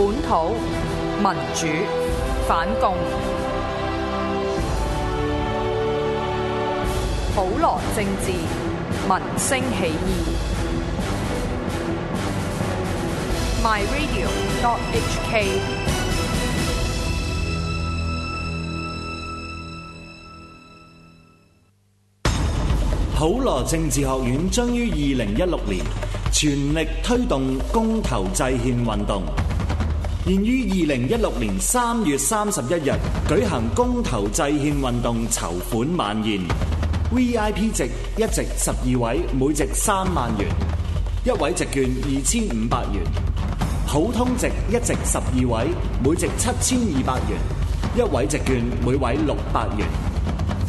本土民主反共，普羅政治民聲起義。My Radio. dot. hk。普羅政治學院將於二零一六年全力推動公投制憲運動。現於二零一六年三月三十一日舉行公投制憲運動籌款晚宴 VIP 席一席十二位，每席三萬元；一位席券二千五百元。普通席一席十二位，每席七千二百元，一位席券每位六百元。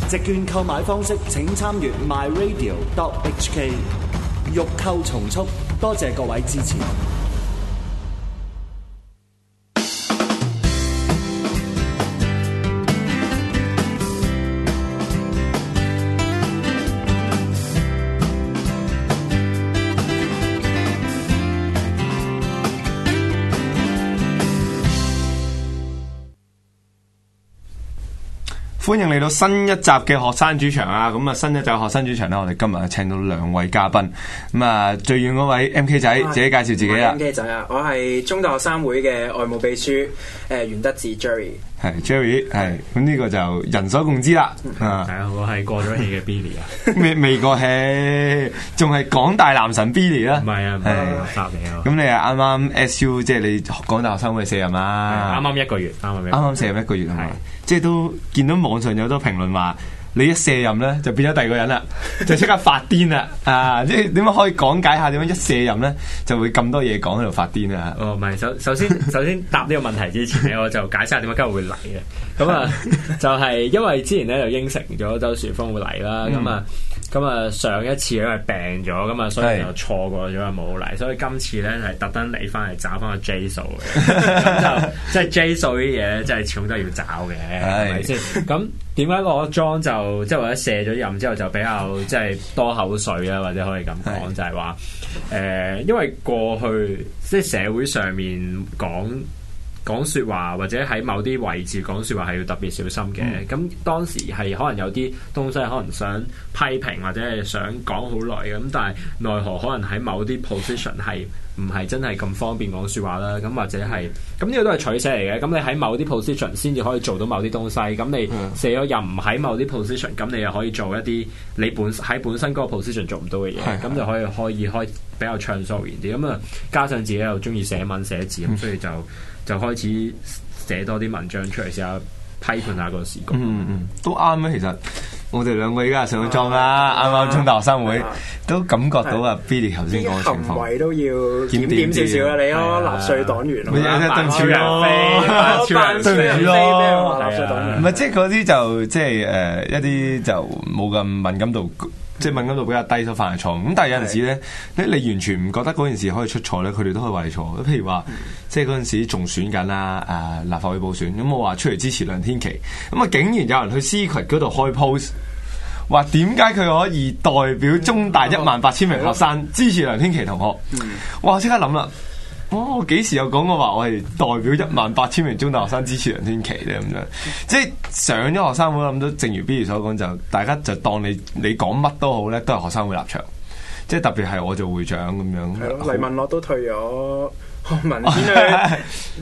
席券購買方式，請參閱 myradio.hk。欲購從速，多謝各位支持。歡迎嚟到新一集嘅學生主場啊！咁啊，新一集學生主場咧，我哋今日請到兩位嘉賓。咁啊，最遠嗰位 MK 仔，是自己介紹自己啊！MK 仔啊，我係中大學生會嘅外務秘書，誒，袁德志 Jerry。係，Jerry 係，咁呢個就人所共知啦。係啊，我係過咗氣嘅 Billy 啊，未未過氣，仲係港大男神 Billy 啊，唔係啊，咁你啊啱啱 SU， 即係你港大學生會四係嘛？啱啱 一個月，啱啱啱啱社咁一個月啊嘛，剛剛即係都見到網上有好多評論話。 你一卸任咧，就變咗第二個人啦， 就即刻發癲啦！ 啊，即係點樣可以講解下點樣一卸任咧，就會咁多嘢講喺度發癲啊？哦，唔係首首先， 首先首先答呢個問題之前咧， 我就解釋下點解今日會嚟嘅。咁啊，就係、是、因為之前咧就應承咗周旋峰會嚟啦，咁 啊。 嗯咁啊，上一次因為病咗，咁啊，所以就錯過咗冇嚟，所以今次咧係特登嚟翻嚟找翻個 J 數嘅， 即係 J 數啲嘢真係始終都要找嘅，係咪先？咁點解我 John 就即係或者卸咗任之後就比較即係多口水啊？或者可以咁講，是就係話誒，因為過去即係社會上面講。講說話或者喺某啲位置講說話係要特別小心嘅。咁、嗯、當時係可能有啲東西可能想批評或者係想講好耐嘅。咁但係奈何可能喺某啲 position 係唔係真係咁方便講說話啦。咁或者係咁呢個都係取捨嚟嘅。咁你喺某啲 position 先至可以做到某啲東西。咁你寫咗又唔喺某啲 position，咁你又可以做一啲你本喺本身嗰個 position 做唔到嘅嘢。咁就、嗯嗯、可以可以開比較暢所言啲。咁啊加上自己又中意寫文寫字，咁所以就。就開始寫多啲文章出嚟，試下批判下個時局。嗯嗯，都啱啊！其實我哋兩個依家上咗莊啦，啱啱中大學生會都感覺到啊，Billy 頭先講嘅情況。啲行為都要檢點少少啊！你咯，納稅黨員咯，漫天飛，漫天飛咩？納稅黨員。唔係即係嗰啲就即係誒一啲就冇咁敏感度。即係敏感度比較低，就犯錯咁。但係有陣時咧，咧的你完全唔覺得嗰件事可以出錯咧，佢哋都可以話你錯。譬如話，即係嗰陣時仲選緊啦，誒、呃、立法會補選咁、嗯，我話出嚟支持梁天琦，咁、嗯、啊竟然有人去 C 群嗰度開 post，話點解佢可以代表中大一萬八千名學生、嗯、支持梁天琦同學？嗯、哇我即刻諗啦。我幾時有講過話我係代表一萬八千名中大學生支持梁天琦咧？咁樣即係上咗學生會，咁到，正如 Billy 所講，就大家就當你你講乜都好咧，都係學生會立場。即係特別係我做會長咁樣。係咯的，很黎文樂都退咗。文天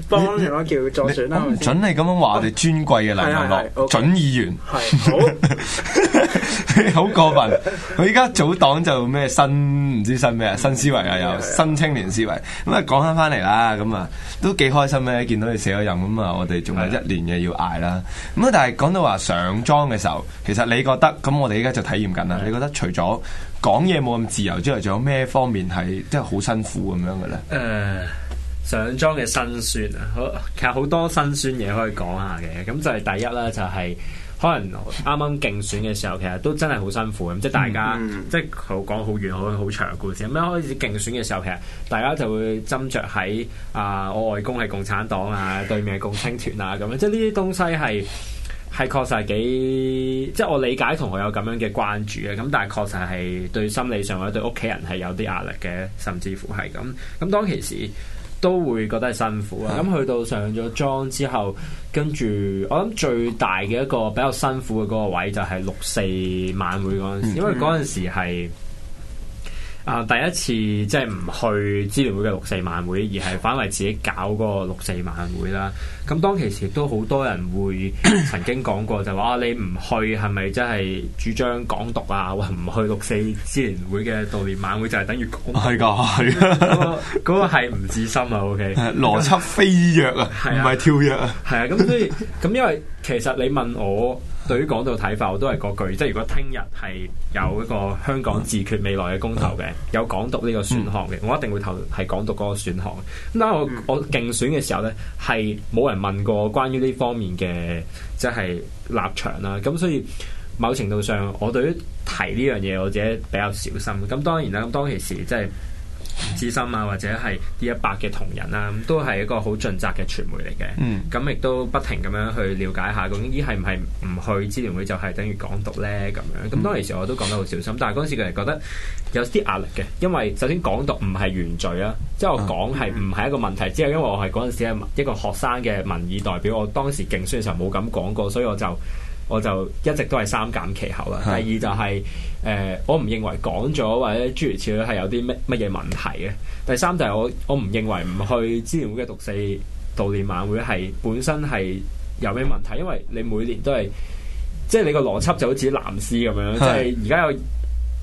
嘅叫裝水啦，唔准你咁樣話我哋尊貴嘅禮物，咯準議員係好好過分，佢而家組黨就咩新唔知新咩啊，新思維啊，又新青年思維咁啊，講翻翻嚟啦，咁啊，都幾開心咧，見到你卸咗任咁啊，我哋仲有一年嘅要挨啦，咁啊，但係講到話上莊嘅時候，其實你覺得咁，我哋而家就體驗緊啦，你覺得除咗講嘢冇咁自由之外，仲有咩方面係即係好辛苦咁樣嘅咧？誒。上莊嘅辛酸啊，好其實好多辛酸嘢可以講下嘅。咁就係第一啦，就係、是、可能啱啱競選嘅時候，其實都真係好辛苦嘅。咁即係大家、嗯、即係好講好遠，好好長嘅故事。咁一開始競選嘅時候，其實大家就會斟酌喺啊、呃，我外公係共產黨啊，對面係共青團啊，咁樣即係呢啲東西係係確實係幾即係我理解同學有咁樣嘅關注啊。咁但係確實係對心理上或者對屋企人係有啲壓力嘅，甚至乎係咁咁。當其時。都會覺得係辛苦啊！咁去到上咗莊之後，跟住我諗最大嘅一個比較辛苦嘅嗰個位就係六四晚會嗰陣時，因為嗰陣時係。啊！第一次即係唔去支聯會嘅六四晚會，而係反為自己搞個六四晚會啦。咁當其時亦都好多人會曾經講過， 就話啊，你唔去係咪真係主張港獨啊？或唔去六四支聯會嘅悼念晚會就係等於係噶，嗰、 嗰個嗰、嗰個係唔自心啊。O K，邏輯飛躍啊，唔係跳躍啊。係啊，咁、 啊、所以咁因為其實你問我。對於港獨睇法，我都係嗰句，即係如果聽日係有一個香港自決未來嘅公投嘅，有港獨呢個選項嘅，我一定會投係港獨嗰個選項。咁我我競選嘅時候呢，係冇人問過關於呢方面嘅即係立場啦。咁所以某程度上，我對於提呢樣嘢，我自己比較小心。咁當然啦，當其時即係。資深啊，或者係 D100 嘅同仁啦，咁都係一個好盡責嘅傳媒嚟嘅。咁亦、嗯、都不停咁樣去了解下，究竟，依係唔係唔去？支聯會就係等於港獨呢？咁樣咁當時我都講得好小心，但係嗰陣時佢哋覺得有啲壓力嘅，因為首先港獨唔係原罪啊，即係我講係唔係一個問題，之後、嗯、因為我係嗰陣時係一個學生嘅民意代表，我當時競選嘅時候冇咁講過，所以我就。我就一直都係三緘其口啦。是的 第二就係、是、誒、呃，我唔認為講咗或者諸如此類係有啲咩乜嘢問題嘅。第三就係我我唔認為唔去支聯會嘅六四悼念晚會係本身係有咩問題，因為你每年都係即係你個邏輯就好似藍絲咁樣，是的 即係而家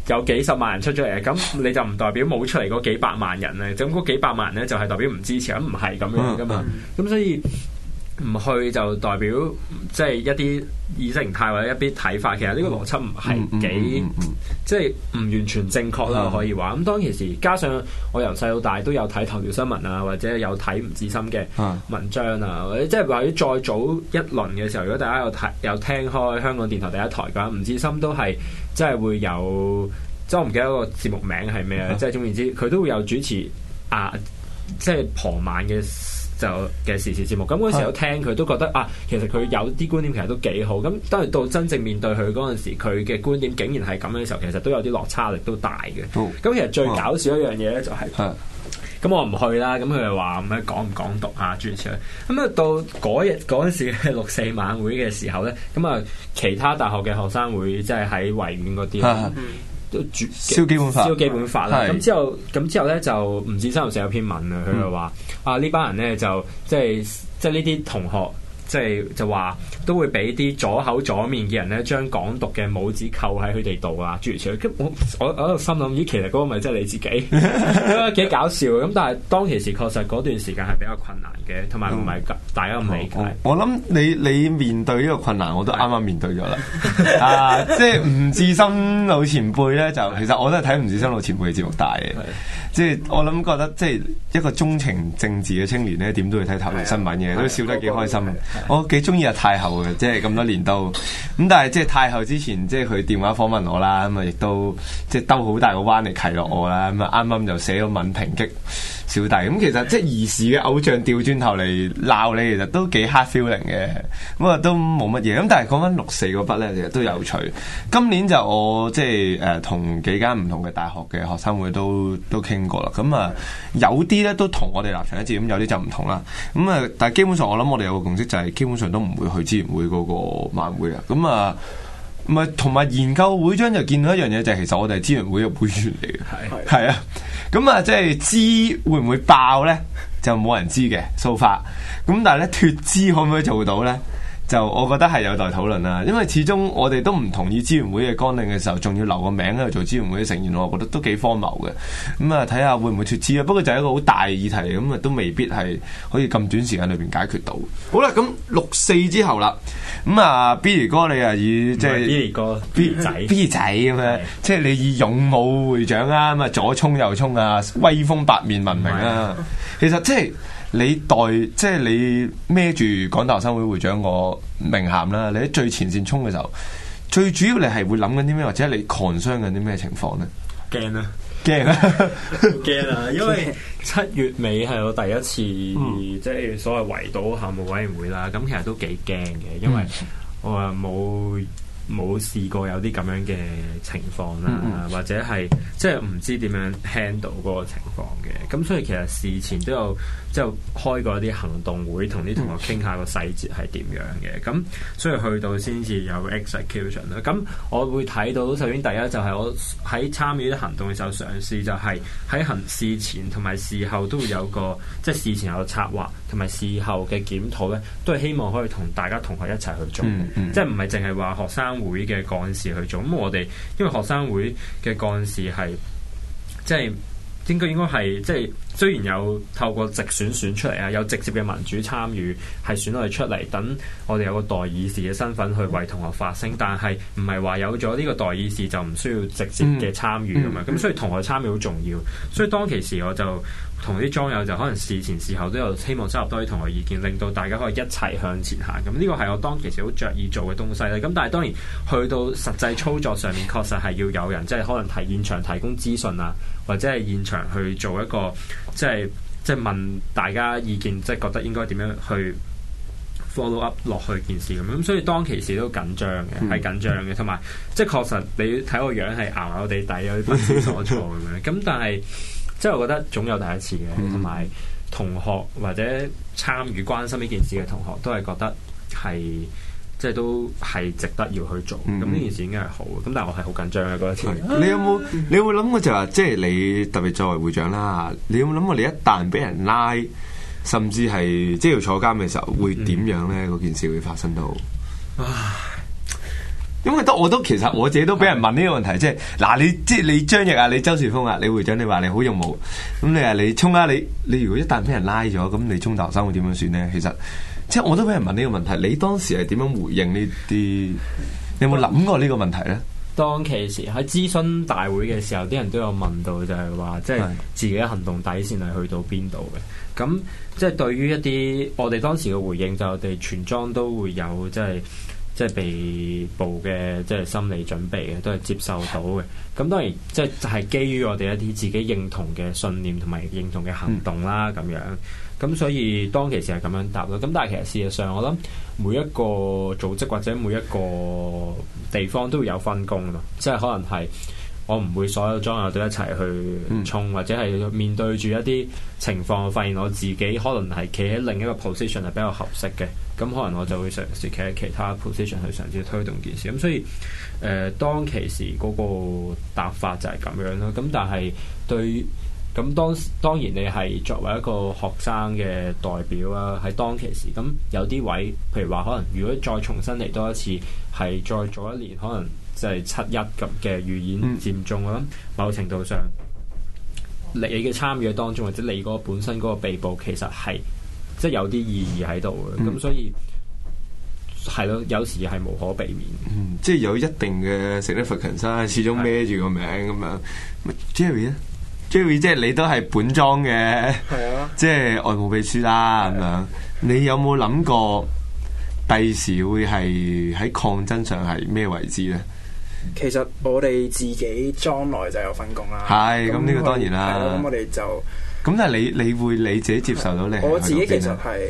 有有幾十萬人出咗嚟，咁你就唔代表冇出嚟嗰幾百萬人咧。咁嗰幾百萬人咧就係代表唔支持，唔係咁樣噶嘛。咁所以。唔去就代表即係一啲意識形態或者一啲睇法，其實呢個邏輯唔係幾即係唔完全正確啦，嗯、可以話。咁當其時，加上我由細到大都有睇頭條新聞啊，或者有睇吳志森嘅文章啊，啊或者即係話要再早一輪嘅時候，如果大家有睇有聽開香港電台第一台嘅話，吳志森都係即係會有，即係我唔記得個節目名係咩咧？即係、啊、總言之，佢都會有主持啊，即係傍晚嘅。就嘅時事節目，咁嗰陣時有聽佢都覺得啊，其實佢有啲觀點其實都幾好。咁當然到真正面對佢嗰陣時，佢嘅觀點竟然係咁樣嘅時候，其實都有啲落差力都大嘅。咁其實最搞笑一樣嘢咧就係、是，咁我唔去啦。咁佢就話咁樣講唔講讀啊？諸如此類。咁啊到嗰日嗰陣時嘅六四晚會嘅時候咧，咁啊其他大學嘅學生會即係喺維園嗰啲。就是超基本法，燒、嗯、基本法啦。咁、嗯嗯、之後，咁之後咧就吳志森又寫有篇文啊，佢就話啊呢班人咧就即係即係呢啲同學。即係就話都會俾啲左口左面嘅人咧，將港獨嘅帽子扣喺佢哋度啦，住除。我我我喺度心諗，咦，其實嗰個咪即係你自己，幾 搞笑。咁但係當其時確實嗰段時間係比較困難嘅，同埋唔係大家唔理解、嗯嗯。我諗你你面對呢個困難，我都啱啱面對咗啦。啊的，即係吳志森老前輩咧， 就其實我都係睇吳志森老前輩嘅節目大嘅。即係我諗覺得，即係一個鍾情政治嘅青年咧，點都要睇頭條新聞嘅的，都笑得幾開心。 我幾中意阿太后嘅，即係咁多年都咁，但係即係太后之前即係佢電話訪問我啦，咁啊亦都即係兜好大個彎嚟歧落我啦，咁啊啱啱就寫咗文抨擊。小弟咁，其實即係兒時嘅偶像掉轉頭嚟鬧你，其實都幾 hard feeling 嘅。咁啊，都冇乜嘢。咁但係講返六四嗰筆呢，其實都有趣。今年就我即係誒、呃、同幾間唔同嘅大學嘅學生會都都傾過啦。咁、嗯、啊，有啲呢都同我哋立場一致，咁有啲就唔同啦。咁、嗯、啊，但係基本上我諗我哋有個共識，就係基本上都唔會去支聯會嗰個晚會啊。咁、嗯、啊。嗯唔係，同埋研究會章就見到一樣嘢，就係、是、其實我哋係資源會嘅會員嚟嘅，係啊 的，咁啊的，即係知會唔會爆呢？就冇人知嘅數法。咁但係咧，脫資可唔可以做到呢？就我覺得係有待討論啦，因為始終我哋都唔同意支援會嘅綱領嘅時候，仲要留個名喺度做支援會嘅成員，我覺得都幾荒謬嘅。咁啊，睇下會唔會脫資啊？不過就係一個好大嘅議題，咁啊都未必係可以咁短時間裏邊解決到。好啦，咁六四之後啦，咁、嗯、啊 Billy 哥，哥，你啊以即係 Billy 哥 Billy 仔 Billy 仔咁樣，即係你以勇武會長啊，咁啊左衝右衝啊，威風八面聞名啊。啊其實即係。你代，即係你孭住港大學生會會長我名銜啦，你喺最前線衝嘅時候，最主要你係會諗緊啲咩，或者你 concern 緊啲咩情況咧？驚啦，驚啦，驚啦！因為七月尾係我第一次即係、嗯、所謂圍堵校務委員會啦，咁其實都幾驚嘅，因為我啊冇。冇試過有啲咁樣嘅情況啦，或者係即係唔知點樣 handle 嗰個情況嘅，咁所以其實事前都有即係開過一啲行動會，同啲同學傾下個細節係點樣嘅，咁所以去到先至有 execution 啦。咁我會睇到首先第一就係、是、我喺參與啲行動嘅時候，嘗試就係喺行事前同埋事後都會有個即係事前有策劃同埋事後嘅檢討咧，都係希望可以同大家同學一齊去做，嗯嗯即係唔係淨係話學生會嘅幹事去做，咁我哋因為學生會嘅幹事係即係應該應該係即係雖然有透過直選選出嚟啊，有直接嘅民主參與係選我哋出嚟，等我哋有個代議士嘅身份去為同學發聲，但係唔係話有咗呢個代議士就唔需要直接嘅參與咁嘛，咁所以同學參與好重要，所以當其時我就。同啲莊友就可能事前事後都有希望收入多啲同學意見，令到大家可以一齊向前行。咁呢個係我當其時好着意做嘅東西咧。咁但係當然去到實際操作上面，確實係要有人即係可能提現場提供資訊啊，或者係現場去做一個即係即係問大家意見，即係覺得應該點樣去 follow up 落去件事咁。咁所以當其時都緊張嘅，係緊張嘅，同埋即係確實你睇個樣係硬硬地底，有啲不知所措咁樣。咁但係。即係我覺得總有第一次嘅，同埋同學或者參與關心呢件事嘅同學都係覺得係即係都係值得要去做，咁呢、嗯、件事應該係好，咁但係我係好緊張嘅一次。你有冇你有冇諗過就係、是、即係你特別作為會長啦？你有冇諗過你一旦俾人拉，甚至係即係要坐監嘅時候會點樣呢？嗰、嗯、件事會發生到？因為都我都其實我自己都俾人問呢個問題，即係嗱你即係你張翼啊，你周旋峰啊，你會長你話你好勇武，咁你話你衝啊你，你如果一旦俾人拉咗，咁你中大學生會點樣算呢？其實即係我都俾人問呢個問題，你當時係點樣回應呢啲？你有冇諗過呢個問題咧？當其時喺諮詢大會嘅時候，啲人都有問到就，就係話即係自己行動底線係去到邊度嘅？咁即係對於一啲我哋當時嘅回應，就我哋全莊都會有即係。即係被捕嘅，即係心理準備嘅，都係接受到嘅。咁當然，即係就係基於我哋一啲自己認同嘅信念同埋認同嘅行動啦。咁樣咁，所以當其時係咁樣答咯。咁但係其實事實上，我諗每一個組織或者每一個地方都會有分工啊嘛。即係可能係。我唔會所有莊友都一齊去衝，或者係面對住一啲情況，我發現我自己可能係企喺另一個 position 係比較合適嘅，咁可能我就會嘗試企喺其他 position 去嘗試推動件事。咁所以，誒、呃、當其時嗰個答法就係咁樣啦。咁但係對，咁當當然你係作為一個學生嘅代表啦，喺當其時，咁有啲位，譬如話可能如果再重新嚟多一次，係再做一年，可能。就係七一咁嘅預演佔中，我諗、嗯、某程度上你嘅參與當中，或者你嗰本身嗰個被捕，其實係即係有啲意義喺度嘅。咁、嗯、所以係咯，有時係無可避免。嗯，即係有一定嘅。Christopher King 山始終孭住個名咁樣的。Jerry 咧，Jerry 即係你都係本裝嘅，係啊的，即係外務秘書啦咁樣。的的你有冇諗過第時會係喺抗爭上係咩位置咧？其實我哋自己將來就有分工啦，係咁呢個當然啦。咁我哋就咁，但係你你會你自己接受到你。我自己其實係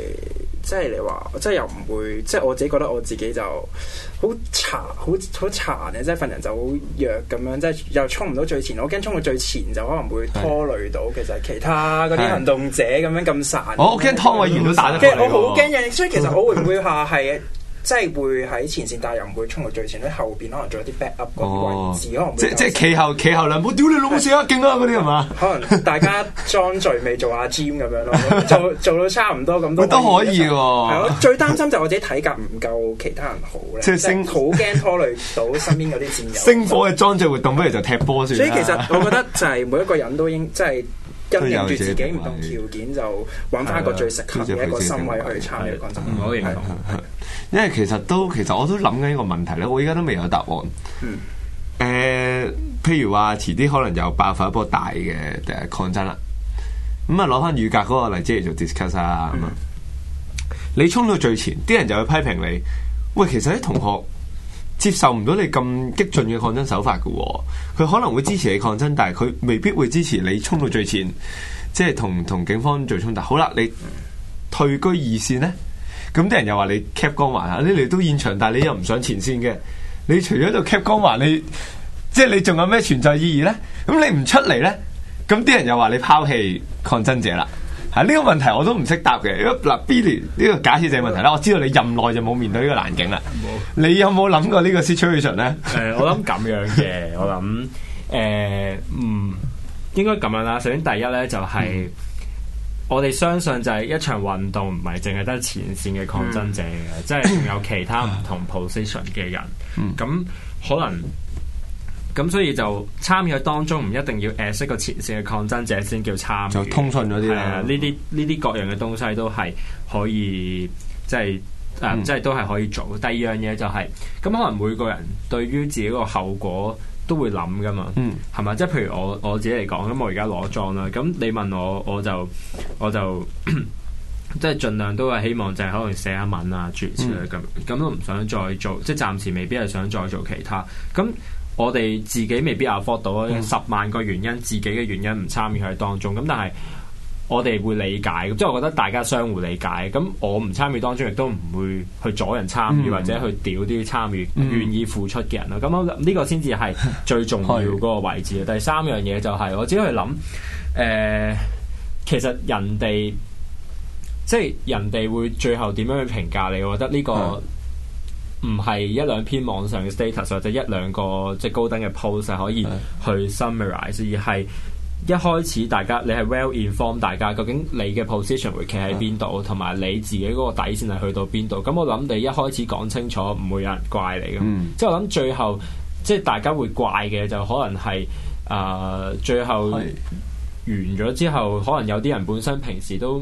即係你話，即係又唔會，即係我自己覺得我自己就好殘好好殘嘅，即係份人就好弱咁樣，即係又衝唔到最前，我驚衝到最前就可能會拖累到其實其他嗰啲行動者咁樣咁散。我我驚拖我完都散，我好驚嘅，所以其實我會唔會話係？即係會喺前線，但又唔會衝到最前，喺後邊可能做一啲 backup 嗰啲位置，可能即即係企後企後啦，我屌你老母先啊，勁啊嗰啲係嘛？可能大家裝醉未做阿 gym 咁樣咯，做做到差唔多咁都都可以喎。係我最擔心就我自己體格唔夠其他人好咧，即係星好驚拖累到身邊嗰啲戰友。星火嘅裝醉活動不如就踢波先。所以其實我覺得就係每一個人都應即係。根據自己唔同條件，就揾翻一個最適合嘅一個身位去參。講真，唔好認同。因為其實都其實我都諗緊一個問題咧，我依家都未有答案。嗯、欸。譬如話遲啲可能就爆發一波大嘅誒抗爭啦。咁啊，攞翻乳鴿嗰個例子嚟做 discuss 啊咁啊。嗯、你衝到最前，啲人就去批評你。喂，其實啲同學，接受唔到你咁激進嘅抗爭手法嘅喎，佢可能會支持你抗爭，但係佢未必會支持你衝到最前，即係同同警方最衝突。好啦，你退居二線呢？咁啲人又話你 keep 光環啊，你嚟到現場但係你又唔上前線嘅，你除咗度 keep 光環，你即係你仲有咩存在意義呢？咁你唔出嚟呢？咁啲人又話你拋棄抗爭者啦。呢、啊呢個問題我都唔識答嘅。嗱 Billy 呢個假設性問題啦，我知道你任內就冇面對呢個難境啦。你有冇諗過個呢個 situation 咧？我諗咁樣嘅， 我諗誒、呃，嗯，應該咁樣啦。首先第一咧，就係、是、我哋相信就係一場運動，唔係淨係得前線嘅抗爭者嘅，嗯、即係仲有其他唔同 position 嘅人。 嗯，咁可能。咁所以就參與喺當中，唔一定要誒識個前線嘅抗爭者先叫參與。就通訊咗啲呢啲呢啲各樣嘅東西都係可以，即係即係都係可以做。第二樣嘢就係、是，咁可能每個人對於自己個後果都會諗㗎嘛。嗯，係咪？即係譬如我我自己嚟講，咁我而家攞莊啦。咁你問我，我就我就 即係盡量都係希望就係可能寫下文啊，住、嗯、之類咁，咁都唔想再做，即係暫時未必係想再做其他。咁我哋自己未必 afford 到、嗯、十萬個原因，自己嘅原因唔參與喺當中，咁但係我哋會理解，即、就、係、是、我覺得大家相互理解。咁我唔參與當中，亦都唔會去阻人參與、嗯、或者去屌啲參與願意付出嘅人咯。咁啊、嗯，呢個先至係最重要嗰個位置。 是第三樣嘢就係我只去諗誒、呃、其實人哋即係人哋會最後點樣去評價你？我覺得呢、這個。嗯唔係一兩篇網上嘅 status 或者一兩個即係高登嘅 post 係可以去 summarize 而係一開始大家你係 well informed 大家究竟你嘅 position 會企喺邊度，同埋 Yeah. 你自己嗰個底線係去到邊度。咁我諗你一開始講清楚，唔會有人怪你嘅。Mm. 即係我諗最後，即係大家會怪嘅就可能係啊、呃，最後完咗之後，可能有啲人本身平時都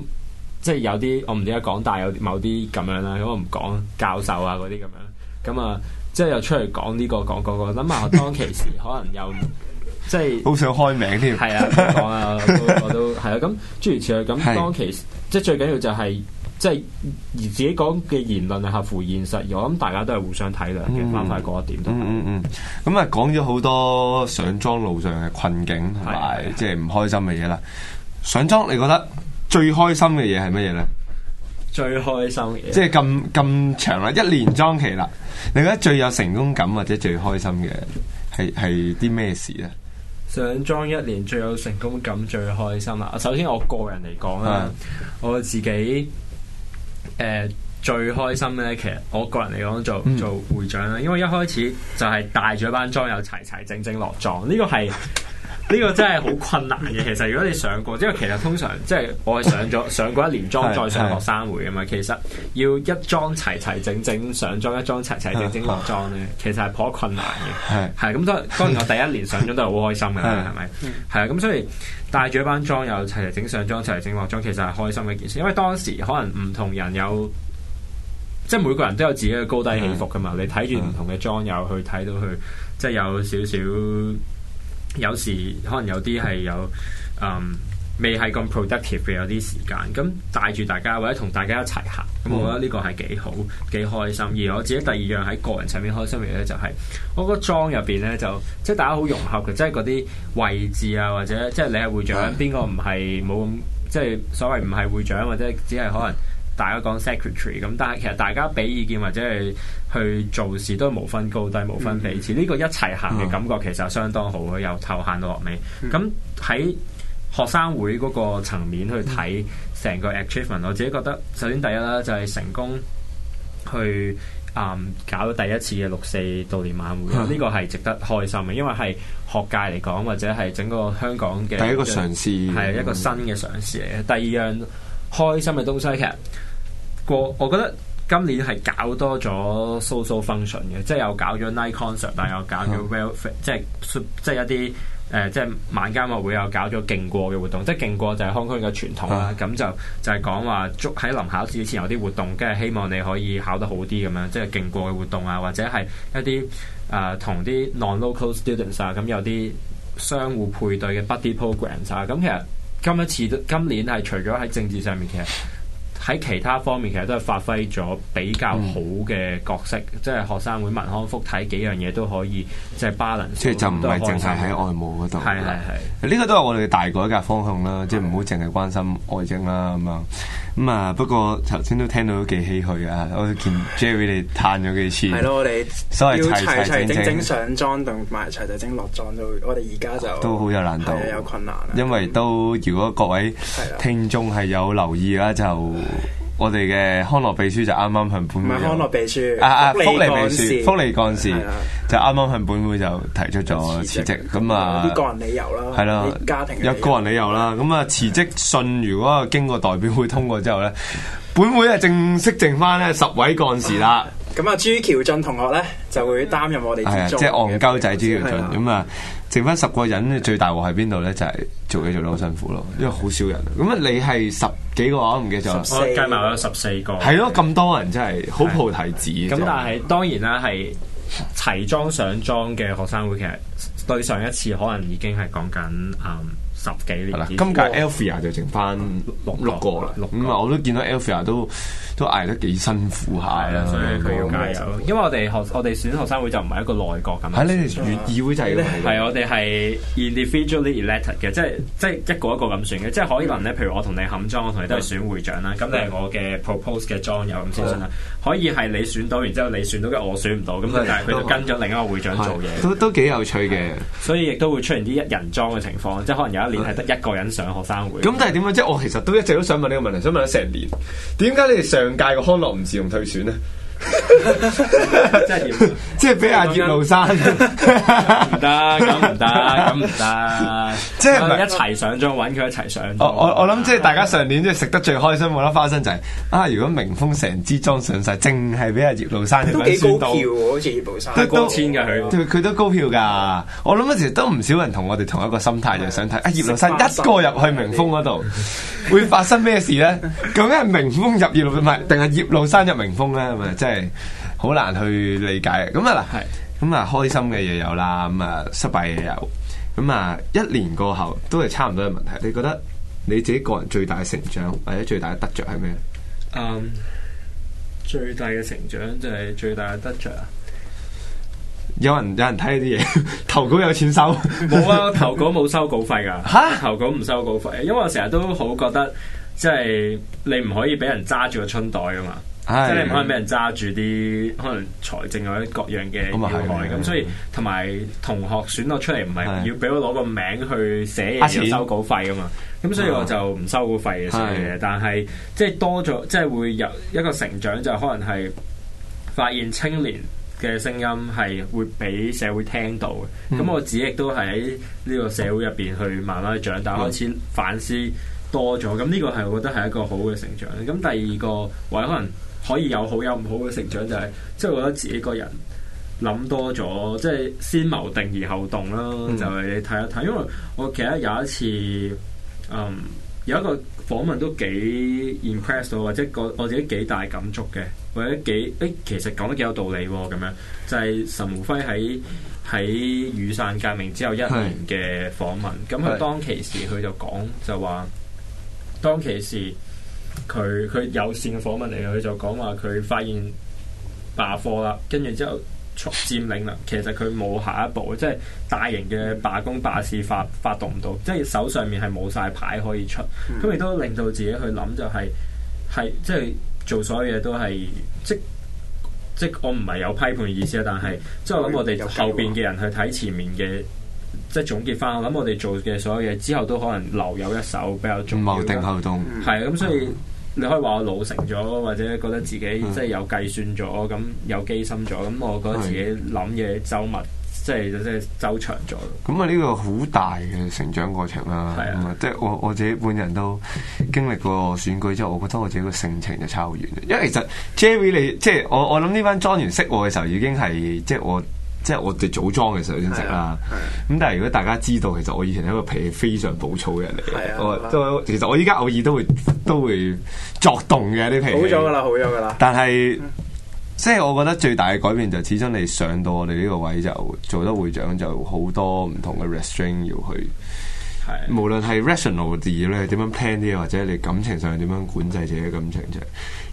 即係有啲我唔記得講大，大有某啲咁樣啦，咁我唔講教授啊嗰啲咁樣。咁啊，即係又出嚟講呢個講嗰個，諗下當其時可能又即係好想開名添，係啊，都講啊，都係啊，咁諸如此類，咁當其即係最緊要就係即係而自己講嘅言論係合乎現實，我諗大家都係互相體諒嘅，翻翻嗰一點，都嗯嗯，咁啊講咗好多上莊路上嘅困境同埋即係唔開心嘅嘢啦，上莊你覺得最開心嘅嘢係乜嘢咧？最開心嘅，即係咁咁長啦，一年莊期啦，你覺得最有成功感或者最開心嘅係係啲咩事呢？上莊一年最有成功感最開心啦！首先我個人嚟講啦，的我自己誒、呃、最開心呢，其實我個人嚟講做做會長啦，因為一開始就係帶咗班莊友齊齊整，整整落莊，呢、這個係。 呢個真係好困難嘅，其實如果你上過，因為其實通常即係我係上咗上過一年妝再上學生會嘅嘛，其實要一妝齊齊整整上妝一妝齊齊整整落妝咧，其實係頗困難嘅。係咁，當然當然我第一年上妝都係好開心嘅，係咪？係啊，咁所以帶住一班妝友齊齊整上妝齊齊整落妝，其實係開心嘅一件事，因為當時可能唔同人有，即係每個人都有自己嘅高低起伏噶嘛，你睇住唔同嘅妝友去睇到佢，即係有少少。有時可能有啲係有，嗯，未係咁 productive 嘅有啲時間，咁帶住大家或者同大家一齊行，咁我覺得呢個係幾好幾開心。而我自己第二樣喺個人層面開心嘅嘢咧，就係我個莊入邊咧，就即係大家好融合嘅，即係嗰啲位置啊，或者即係你係會長，邊個唔係冇咁，即係所謂唔係會長或者只係可能。大家講 secretary 咁，但係其實大家俾意見或者係去做事都係無分高低、無分彼此。呢、嗯、個一齊行嘅感覺其實相當好嘅，嗯、由頭行到落尾。咁喺、嗯、學生會嗰個層面去睇成個 achievement，我自己覺得首先第一啦，就係、是、成功去啊、嗯、搞到第一次嘅六四悼念晚會，呢、嗯、個係值得開心嘅，因為係學界嚟講或者係整個香港嘅第一個嘗試，係一個新嘅嘗試嚟嘅。第二樣開心嘅東西其實～我覺得今年係搞多咗 social function 嘅，即係又搞咗 night concert，但又搞咗 wellfit，即係即係一啲誒，即係、呃、晚間話會又搞咗勁過嘅活動，即係勁過就係香港嘅傳統啦。咁 Yeah. 就就係、是、講話喺臨考試之前有啲活動，跟住希望你可以考得好啲咁樣，即係勁過嘅活動啊，或者係一啲誒同、呃、啲 non-local students 啊，咁有啲相互配對嘅 buddy programs 啊。咁其實今一次今年係除咗喺政治上面其實。 喺其他方面其實都係發揮咗比較好嘅角色，嗯、即係學生會、文康、復睇幾樣嘢都可以，就是、即係 balance，即係就唔係淨係喺外務嗰度。係係係。呢個都係我哋嘅大改革方向啦，的即係唔好淨係關心外政啦咁樣。咁啊、嗯！不過頭先都聽到都幾唏噓啊！我見 Jerry 哋嘆咗幾次。係咯， 我哋要齊齊整整上妝同埋齊齊整落妝，我都我哋而家就都好有難度，有困難。因為都、嗯、如果各位聽眾係有留意嘅話，就。 我哋嘅康樂秘書就啱啱向本唔係康樂秘書啊、啊福利秘書福利幹事的就啱啱向本會就提出咗辭職，咁啊個人理由啦，係啦，家庭有個人理由啦。咁啊，辭職信如果經過代表會通過之後咧，的本會係正式剩翻咧十位幹事啦。 咁啊，朱喬俊同學咧就會擔任我哋之中，即係憨鳩仔朱喬俊。咁啊，剩翻十個人，最大鑊喺邊度咧？就係做嘢做得好辛苦咯，因為好少人。咁啊，你係十幾個，我唔記得咗？我計埋我有十四個。係咯，咁多人真係好菩提子。咁但係當然啦，係齊莊上莊嘅學生會，其實對上一次可能已經係講緊十幾年。啦，今屆 Alfia 就剩翻六六個啦。咁啊，我都見到 Alfia 都。都捱得幾辛苦下啦，所以佢要加油。因為我哋學我哋選學生會就唔係一個內閣咁。喺你哋院議會就係咧，係我哋係 individually elected 嘅，即係即係一個一個咁選嘅，即係可以話咧，譬如我同你冚莊，我同你都係選會長啦。咁係我嘅 propose 嘅莊友咁先算啦。可以係你選到，然之後你選到嘅，我選唔到咁，但係佢就跟咗另一個會長做嘢。都都幾有趣嘅，所以亦都會出現啲一人莊嘅情況，即係可能有一年係得一個人上學生會。咁但係點解？即係我其實都一直都想問呢個問題，想問咗成年，點解你哋上？上屆嘅康樂唔自動退選呢？咧。 即係葉？即係俾阿葉露山唔得，咁唔得，咁唔得。即係一齊上咗，揾佢一齊上。我我我諗，即係大家上年即係食得最開心，冇得花生仔，啊！如果明豐成支莊上晒，淨係俾阿葉露山都幾高票，好似葉露山都高千噶佢，佢都高票噶。我諗嗰時都唔少人同我哋同一個心態，就想睇阿葉露山一個入去明豐嗰度會發生咩事咧？究竟係明豐入葉露唔係，定係葉露山入明豐咧？係咪真係？好難去理解嘅，咁啊嗱，咁啊是開心嘅嘢有啦，咁啊失敗嘅嘢有，咁啊一年過後都係差唔多嘅問題。你覺得你自己個人最大嘅成長或者最大嘅得着係咩？嗯，最大嘅成長就係最大嘅得着啊！有人有人睇呢啲嘢， 投稿有錢收？冇 啊，投稿冇收稿費噶。吓蛤，投稿唔收稿費，因為我成日都好覺得，即、就、係、是、你唔可以俾人揸住個春袋噶嘛。 即係唔可以俾人揸住啲可能財政或者各樣嘅要害咁，所以同埋是的 同學選我出嚟，唔係要俾我攞個名去寫嘢要收稿費㗎嘛？咁是的 所以我就唔收稿費嘅，是的 但係即係多咗，即係會有一個成長，就可能係發現青年嘅聲音係會俾社會聽到咁是的 我自己亦都係喺呢個社會入邊去慢慢長大，開始反思多咗。咁呢個係我覺得係一個好嘅成長。咁第二個或者可能。可以有好有唔好嘅成長，就是，就係即係覺得自己個人諗多咗，即、就、係、是、先謀定而後動啦。就係你睇一睇，因為我記得有一次，嗯，有一個訪問都幾 impressed，或者個我自己幾大感觸嘅，或者幾誒、欸、其實講得幾有道理咁樣。就係岑敖暉喺喺雨傘革命之後一年嘅訪問，咁佢是當其時佢是就講就話，當其時。佢佢有線嘅訪問嚟嘅，佢就講話佢發現罷課啦，跟住之後出佔領啦。其實佢冇下一步，即係大型嘅罷工罷市發發動唔到，即係手上面係冇晒牌可以出。咁亦、嗯、都令到自己去諗、就是，就係係即係做所有嘢都係即即我唔係有批判意思啊，但係、嗯、即係我諗我哋後邊嘅人去睇前面嘅。即係總結翻，我諗我哋做嘅所有嘢，之後都可能留有一手比較做謀定後動，係咁的、嗯、所以你可以話我老成咗，或者覺得自己、嗯、即係有計算咗，咁有機心咗，咁我覺得自己諗嘢周密，的即係即係周長咗咁啊，呢個好大嘅成長過程啦。係啊的、嗯，即係我我自己本人都經歷過選舉之後，我覺得我自己個性情就差好遠。因為其實 Jerry 你即係我我諗呢班莊員識我嘅時候，已經係即係我。即係我哋組裝嘅時候先識啦。咁、啊啊、但係如果大家知道，其實我以前係一個脾氣非常暴躁嘅人嚟嘅。啊、我都吧其實我依家偶爾都會 都會作動嘅啲脾氣。好咗噶啦，好咗噶啦。但係、嗯，即係我覺得最大嘅改變就始終你上到我哋呢個位就做得會長，就好多唔同嘅 restraint 要去。無論係 rational 嘅事業咧，點樣 plan 啲，或者你感情上點樣管制自己嘅感情啫？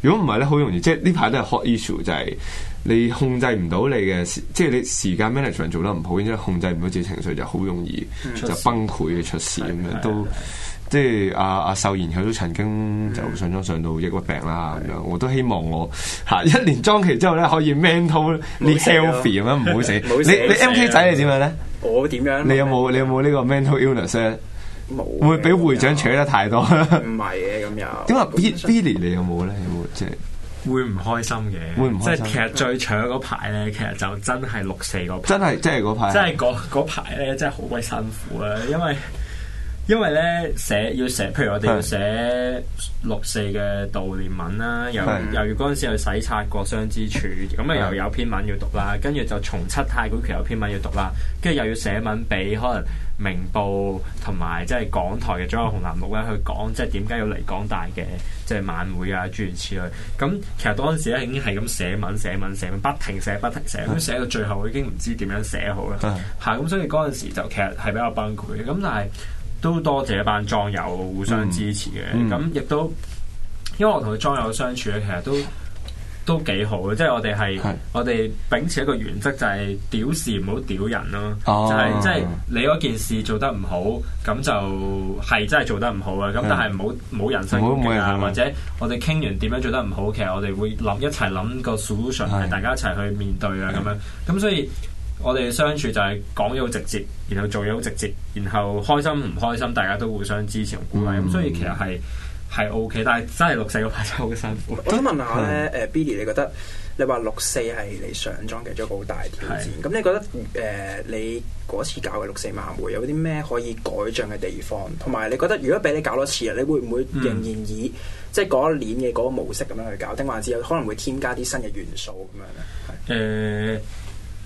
如果唔係咧，好容易，即係呢排都係 hot issue，就係你控制唔到你嘅，即係你時間 management 做得唔好，然之後控制唔到自己情緒，就好容易就崩潰嘅、嗯、出事咁事樣。都即係阿阿秀賢佢都曾經就上咗上到抑鬱病啦咁是樣。我都希望我吓一年莊期之後咧，可以 mentally healthy 咁樣，唔好死。你你 M K 仔你點樣咧？呢我點樣？你有冇 你有冇呢個 mental illness？冇 會俾會，會長搶得太多。唔係嘅，咁又點話？Billy，你有冇咧？有冇即係會唔開心嘅？會唔開心？即係其實最搶嗰排咧，嗯、其實就真係六四嗰排。真係即係嗰排。真係嗰、嗰、排咧，真係好鬼辛苦啦、啊，因為。因為咧寫要寫，譬如我哋要寫六四嘅悼念文啦，又又是的 要嗰陣時又洗刷國殤之柱，咁啊是的 又有篇文要讀啦，是的 跟住就重七太古橋有篇文要讀啦，跟住又要寫文俾可能明報同埋即係港台嘅《中愛紅藍綠》咧去講，即係點解要嚟港大嘅即係晚會啊諸如此類。咁其實當時咧已經係咁寫文寫文寫文，不停寫不停寫，咁寫,寫,寫到最後已經唔知點樣寫好啦。係咁，所以嗰陣時就其實係比較崩潰嘅。咁但係。都多謝一班莊友互相支持嘅，咁亦、嗯、都因為我同佢莊友相處咧，其實都都幾好嘅，即係我哋係是我哋秉持一個原則，就係屌事唔好屌人咯，就係即係你嗰件事做得唔好，咁就係真係做得唔好是啊，咁但係冇冇人身攻擊啊，或者我哋傾完點樣做得唔好，其實我哋會諗一齊諗個 solution 係是大家一齊去面對啊，咁是是樣，咁所以。我哋相處就係講嘢好直接，然後做嘢好直接，然後開心唔開心，大家都互相支持、鼓勵。咁、嗯、所以其實係係 OK，但係真係六四個排真係好辛苦。我想問下咧，誒、嗯、Billy，你覺得你話六四係你上莊其中一個好大嘅挑戰，咁是你覺得誒、呃、你嗰次搞嘅六四晚會有啲咩可以改進嘅地方？同埋你覺得如果俾你搞多次啊，你會唔會仍然以、嗯、即係嗰一年嘅嗰個模式咁樣去搞定？定話之後可能會添加啲新嘅元素咁樣咧？誒。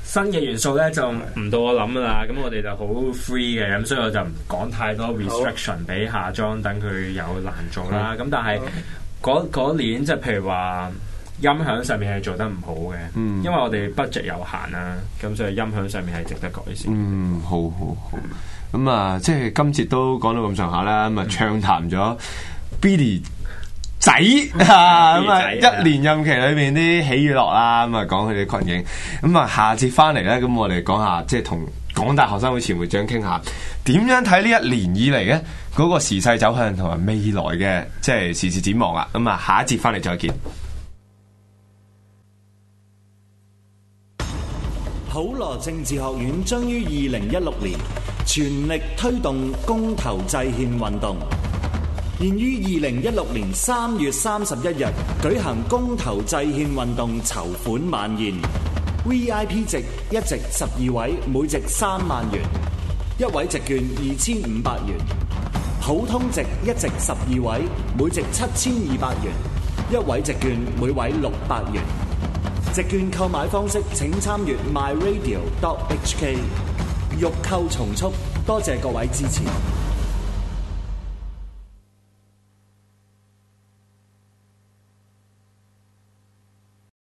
新嘅元素咧就唔到我諗噶啦，咁我哋就好 free 嘅，咁所以我就唔講太多 restriction 俾下莊，等佢有難做啦。咁但係嗰年即係譬如話音響上面係做得唔好嘅，因為我哋 budget 有限啦，咁所以音響上面係值得改善。嗯，好好好，咁啊，即係今節都講到咁上下啦，咁啊暢談咗 Billy。仔一年任期裏面啲喜與樂啦，咁啊講佢哋困境。咁、嗯、啊，下節翻嚟呢，咁我哋講下，即係同港大學生會前會長傾下，點樣睇呢一年以嚟呢嗰個時勢走向同埋未來嘅即係時事展望啊！咁、嗯、啊，下一節翻嚟再見。普羅政治學院將於二零一六年全力推動公投制憲運動。現於二零一六年三月三十一日舉行公投制憲運動籌款晚宴 VIP 席一席十二位，每席三萬元；一位席券二千五百元。普通席一席十二位，每席七千二百元，一位席券每位六百元。席券購買方式，請參閱 My Radio HK。欲購從速，多謝各位支持。